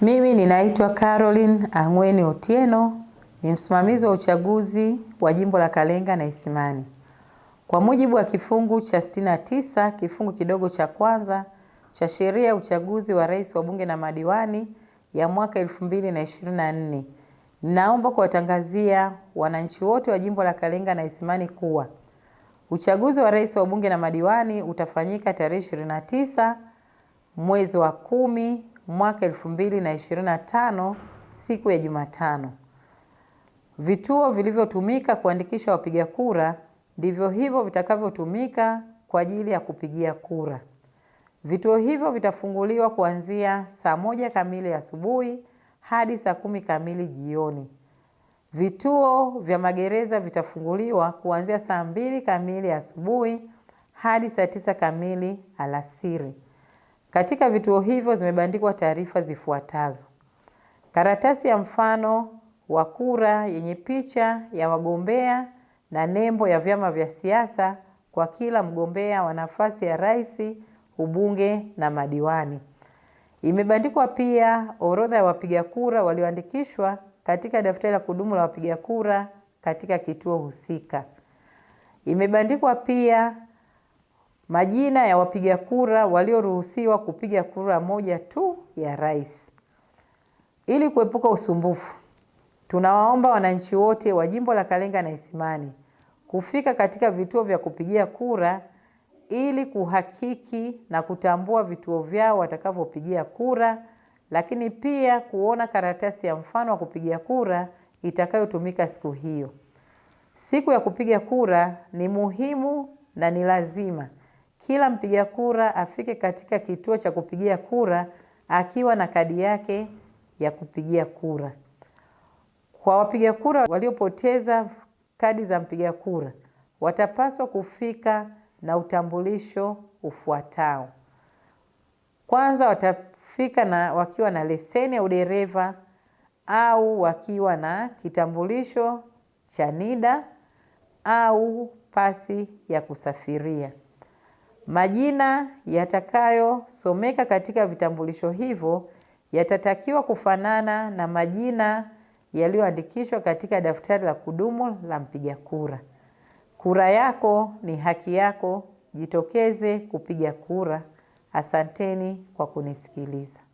Mimi ninaitwa Caroline Ang'weni Otieno, ni msimamizi wa uchaguzi wa jimbo la Kalenga na Isimani. Kwa mujibu wa kifungu cha 69 kifungu kidogo cha kwanza cha sheria ya uchaguzi wa rais wa bunge na madiwani ya mwaka 2024, naomba kuwatangazia wananchi wote wa jimbo la Kalenga na Isimani kuwa uchaguzi wa rais wa bunge na madiwani utafanyika tarehe 29 mwezi wa kumi mwaka tano siku ya Jumatano. Vituo vilivyotumika kuandikisha wapiga kura ndivyo hivyo vitakavyotumika kwa ajili ya kupigia kura. Vituo hivyo vitafunguliwa kuanzia saa moja kamili asubuhi hadi saa kumi kamili jioni. Vituo vya magereza vitafunguliwa kuanzia saa mbili kamili asubuhi hadi saa tisa kamili alasiri. Katika vituo hivyo zimebandikwa taarifa zifuatazo: karatasi ya mfano wa kura yenye picha ya wagombea na nembo ya vyama vya siasa kwa kila mgombea wa nafasi ya rais, ubunge na madiwani. Imebandikwa pia orodha ya wapiga kura walioandikishwa katika daftari la kudumu la wapiga kura katika kituo husika. Imebandikwa pia Majina ya wapiga kura walioruhusiwa kupiga kura moja tu ya rais. Ili kuepuka usumbufu, tunawaomba wananchi wote wa jimbo la Kalenga na Isimani kufika katika vituo vya kupigia kura ili kuhakiki na kutambua vituo vyao watakavyopigia kura, lakini pia kuona karatasi ya mfano wa kupigia kura itakayotumika siku hiyo. Siku ya kupiga kura ni muhimu na ni lazima kila mpiga kura afike katika kituo cha kupigia kura akiwa na kadi yake ya kupigia kura. Kwa wapiga kura waliopoteza kadi za mpiga kura, watapaswa kufika na utambulisho ufuatao. Kwanza watafika na wakiwa na leseni ya udereva au wakiwa na kitambulisho cha NIDA au pasi ya kusafiria. Majina yatakayosomeka katika vitambulisho hivyo yatatakiwa kufanana na majina yaliyoandikishwa katika daftari la kudumu la mpiga kura. Kura yako ni haki yako, jitokeze kupiga kura. Asanteni kwa kunisikiliza.